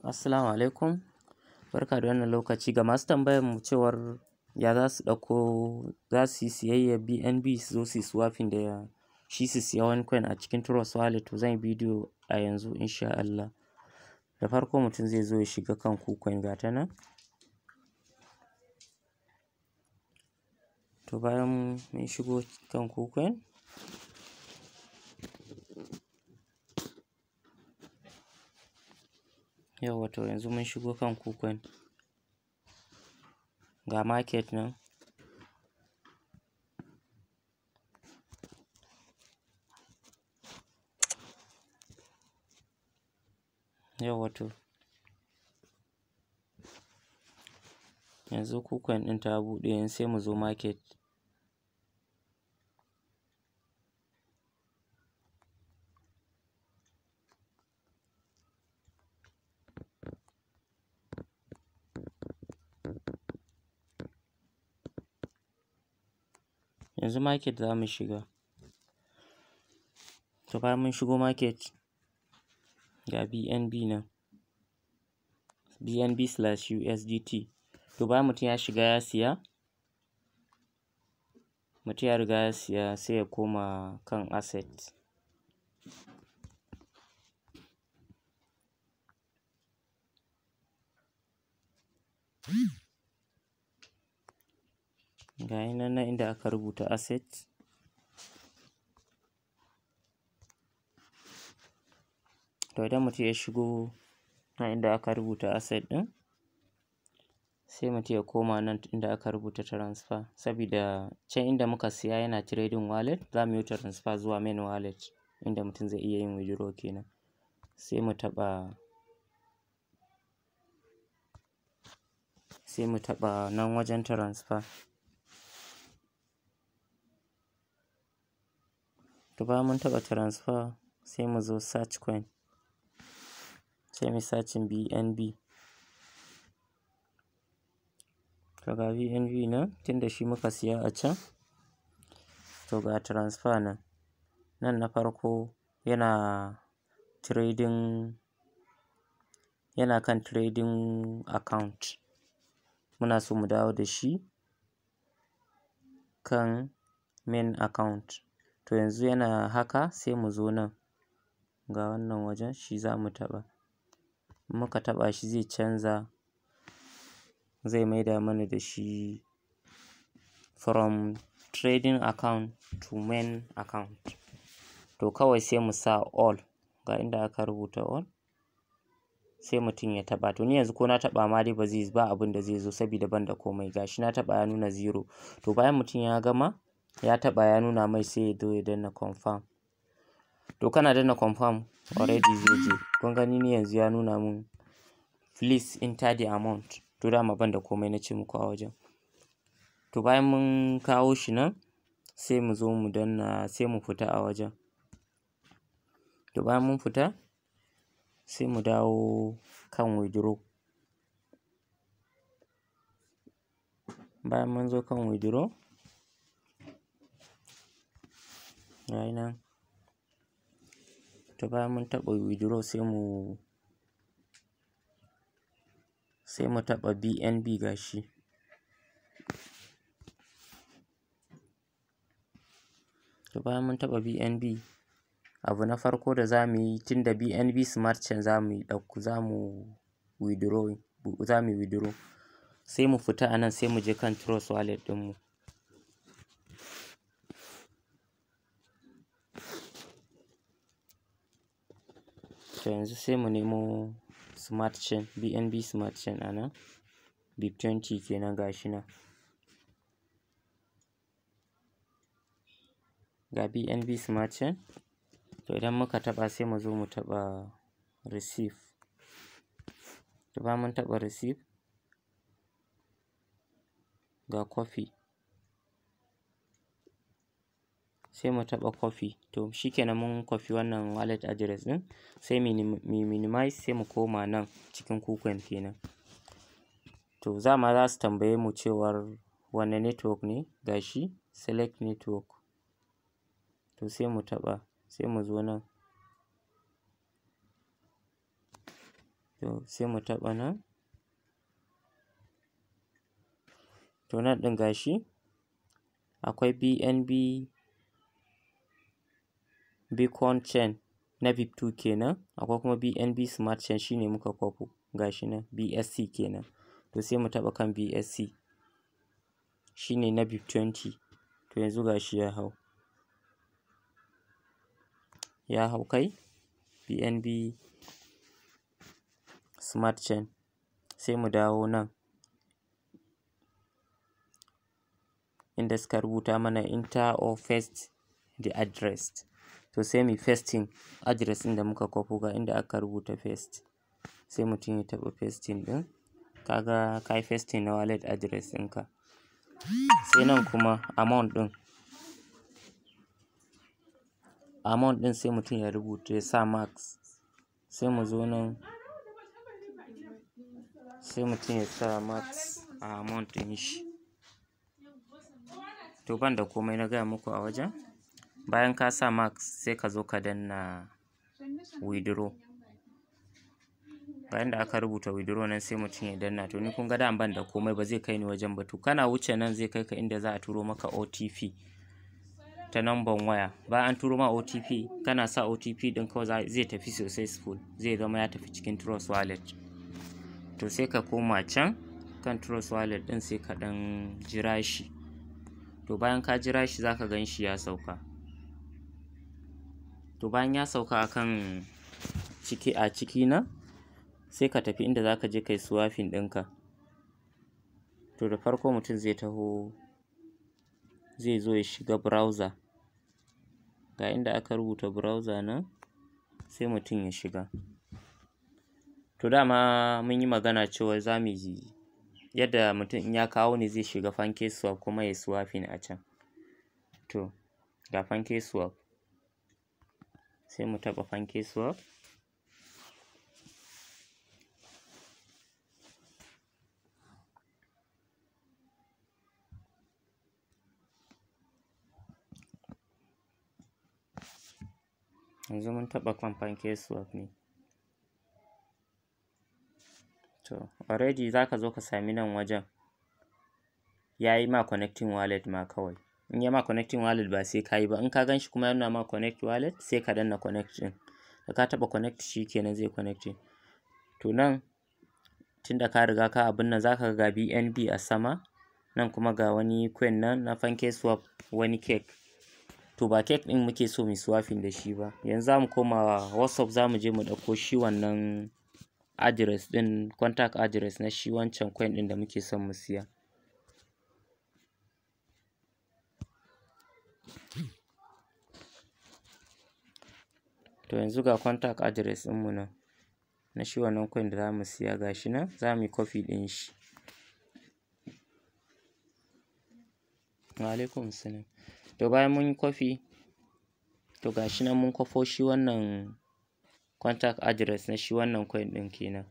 Assalamu alaikum barka da wannan lokaci ga masu tambayar mu cewar ya za su ɗauko za su yi siyayyar BNB su zo su yi swapping da shi su siya wani coin a cikin Trust Wallet to zan yi bidiyo a yanzu insha Allah. Da farko mutum zai zo ya shiga kan KuCoin ga ta nan. To bayan mun shigo kan KuCoin Yauwa to yanzu mun shigo kan kukan. Ga market nan. Yauwa to. Yanzu kukan ɗin ta buɗe sai mu zo market. Yanzu market za mu shiga. To bayan mun shigo market ga BNB nan. BNB slash USDT. To bayan mutum ya shiga ya siya, mutum ya riga ya siya sai ya koma kan asset. ga yi nan nan inda aka rubuta asset to idan mutum ya shigo nan inda aka rubuta asset ɗin sai mutum ya koma nan inda aka rubuta transfer sabida can inda muka siya yana trading wallet za mu yi transfer zuwa main wallet inda mutum zai iya yin withdraw kenan sai mu taɓa sai mu taɓa nan wajen transfer to bayan mun taɓa transfer sai mu zo search coin sai mu searching BNB to ga BNB nan tunda shi muka siya a can to ga transfer nan nan na farko yana trading yana kan trading account muna so mu dawo da shi kan main account to yanzu yana haka sai mu zo nan ga wannan wajen shi za mu taɓa in muka taɓa shi zai canza zai maida mana da shi from trading account to main account to kawai sai mu sa all ga inda aka rubuta all sai mutum ya taɓa to ni yanzu ko na taɓa ma dai ba zai ba abin da zai zo sabida ban da komai ga shi na taɓa ya nuna zero to bayan mutum ya gama ya taɓa ya nuna mai sai ya zo ya danna confirm to kana danna confirm already zai je kun gani ni yanzu ya nuna mun please enter the amount to dama ban da komai na ce muku a wajen to bayan mun kawo shi nan sai mu zo mu danna sai mu fita a wajen to bayan mun fita sai mu dawo kan withdraw bayan mun zo kan withdraw ga nan. To bayan mun taɓa withdraw sai mu, sai mu taɓa BNB gashi. To bayan mun taɓa BNB abu na farko da za mu yi tunda BNB Smart Chain za mu ɗauko za mu withdrawing withdraw sai mu fita anan sai mu je kan Trust Wallet ɗin mu. to yanzu sai mu nemo Smart Chain, BNB Smart Chain a nan, BIP20 kenan na, Ga BNB Smart Chain, to idan muka taɓa sai mu zo mu taɓa Receive. To ba mun taɓa Receive, ga coffee sai mu taɓa copy to shikenan mun copy wannan wallet address ɗin sai mu minimize sai mu koma nan cikin kukan kenan to za ma za su tambaye mu cewar wane network ne gashi select network to sai mu taɓa sai mu zo nan to sai mu taɓa nan to nan ɗin gashi akwai BNB Bitcoin Chain na BIP2 kenan, akwai kuma BNB Smart Chain shine muka kwafo gashi nan BSC kenan. To sai mu taɓa kan BSC shine na BIP20 to yanzu gashi ya hau. Ya hau kai BNB Smart Chain sai mu dawo nan inda suka rubuta mana Inter or First the address. to sai mu pasting address ɗin da muka copy ga inda aka rubuta paste sai mutum ya taɓa pasting ɗin kaga ka yi pasting na wallet address ɗinka sai nan kuma amount ɗin amount ɗin sai mutum ya rubuta ya sa max sai mu zo nan sai mutum ya sa max a amount ɗin shi to ban da komai na gaya muku a wajen bayan ka sa mark sai ka zo ka danna withdraw ga yanda aka rubuta withdraw nan sai mutum ya danna to ni kun ga da ban da komai ba zai kai ni wajen ba to kana wuce nan zai kai ka inda za a turo maka OTP ta namban waya bayan an turo ma OTP kana sa OTP din kawai zai tafi successful zai zama ya tafi cikin Trust Wallet to sai ka koma can kan Trust Wallet din sai ka dan jira shi to bayan ka jira shi zaka gan shi ya sauka to bayan ya sauka akan ciki a ciki na sai ka tafi inda za zaka je kai suwafin ɗinka to da farko mutum zai taho zai zo ya shiga browser ga inda aka rubuta browser nan sai mutum ya shiga to dama mun yi magana cewa za mu yi yadda mutum in ya kawo ne zai shiga PancakeSwap kuma ya yi swapping a can to ga PancakeSwap sai mu taɓa fanke swap yanzu mun taɓa kan fanke swap ne to already za ka zo ka sami nan wajen ya yi ma connecting wallet ma kawai in ya ma connecting wallet ba sai ka yi ba in ka gan shi kuma yana ma connect wallet sai ka danna connect da ka taɓa connect shi kenan zai connecting to nan tunda ka riga ka abin nan zaka ga BNB a sama nan kuma ga wani coin nan na swap wani cake to ba cake ɗin muke so mu swapin da shi ba yanzu zamu koma WhatsApp zamu je mu dauko shi wannan address din contact address na shi wancan coin ɗin da muke son mu siya to yanzu ga contact address ɗinmu nan na shi wannan coin da za mu siya ga shi nan za mu yi copy ɗin shi alaikum salam to bayan mun yi copy to ga shi nan mun kwafo shi wannan contact address na shi wannan coin ɗin kenan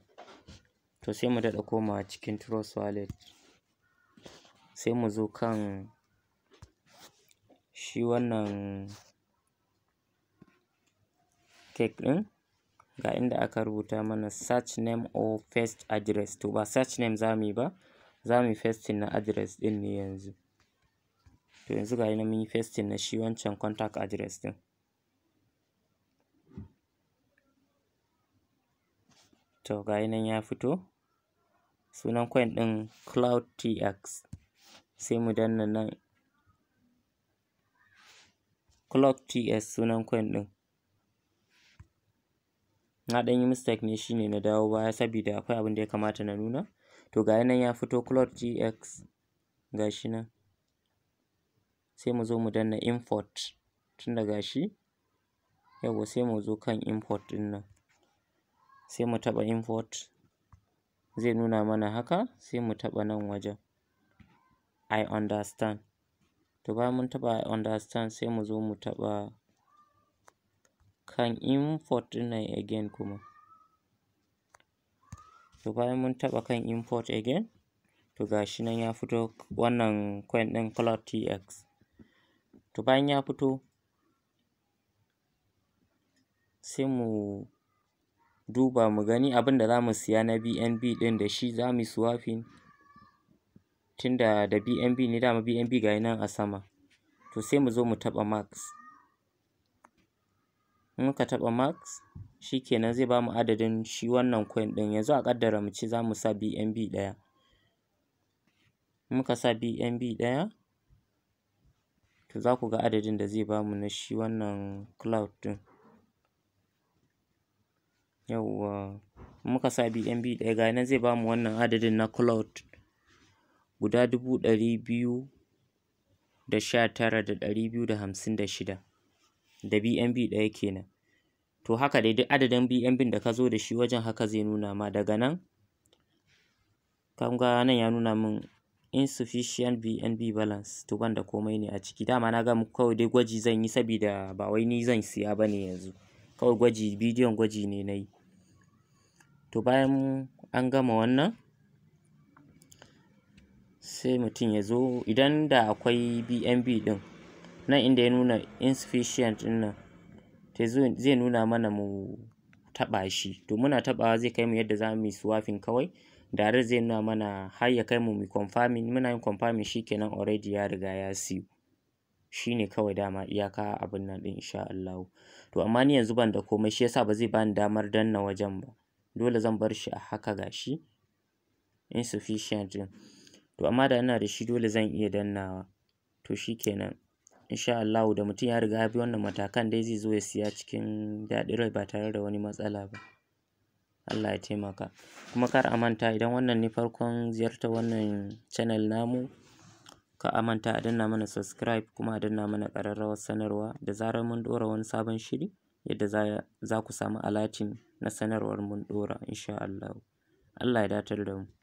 to sai mu daɗa komawa cikin trust wallet sai mu zo kan shi wannan mistake ɗin ga inda aka rubuta mana search name or first address to ba search name za mu yi ba za mu yi na address ɗin ne yanzu to yanzu ga yana mun yi na shi wancan contact address ɗin to ga nan ya fito sunan coin ɗin cloud tx sai mu danna nan cloud ts sunan coin ɗin na ɗan yi mistake ne shine na dawo baya sabida akwai abin da ya kamata na nuna to ga nan ya fito cloud gx ga shi nan sai mu zo mu danna import tunda ga shi sai mu zo kan import ɗin nan sai mu taɓa import zai nuna mana haka sai mu taɓa nan wajen I understand to bayan mun taɓa I understand sai mu zo mu taɓa kan import ɗinnan again kuma to bayan mun taɓa kan import again to gashi nan ya fito wannan coin ɗin cloud tx to bayan ya fito sai mu duba mu gani abin da za mu siya na bnb ɗin da shi za mu yi swapping tunda da bnb ne dama bnb gayi nan a sama to sai mu zo mu taɓa max in muka taɓa max shikenan zai bamu adadin shi wannan coin ɗin yanzu a ƙaddara mu ce zamu sa BNB ɗaya in muka sa BNB ɗaya to za ku ga adadin da zai bamu na shi wannan cloud ɗin yawwa in muka sa BNB ɗaya ga nan zai bamu wannan adadin na cloud guda dubu ɗari biyu da sha tara da ɗari biyu da hamsin da shida da BNB ɗaya kenan to haka dai duk adadin BNB da ka zo da shi wajen haka zai nuna ma daga nan Kanga nan ya nuna min insufficient BNB balance to ban da komai ne a ciki dama na ga muku kawai dai gwaji zan yi sabida ba wai ni zan siya ba ne yanzu kawai gwaji bidiyon gwaji ne na yi to bayan an gama wannan sai mutum ya zo idan da akwai BNB ɗin nan inda ya nuna insufficient ɗin nan zai nuna mana mu taɓa shi to muna taɓawa zai kai mu yadda za mu yi swapping kawai Da direct zai nuna mana har ya kai mu mu confirming muna yin confirming kenan already ya riga ya siyo shine kawai dama iyaka abin nan ɗin insha Allah to amma ni yanzu ban da komai shi yasa ba zai bani damar danna wajen ba dole zan bar shi a haka gashi insufficient ɗin to amma da ina da shi dole zan iya dannawa to shikenan insha Allah da mutum ya riga ya bi wannan matakan dai zai zo ya siya cikin daɗin rai ba tare da wani matsala ba. Allah ya taimaka. Kuma kar a manta idan wannan ne farkon ziyartar wannan channel namu ka a manta a danna mana subscribe kuma a danna mana ƙararrawar sanarwa da zarar mun ɗora wani sabon shiri yadda za ku samu alatin na sanarwar mun ɗora insha Allah Allah ya datar da mu.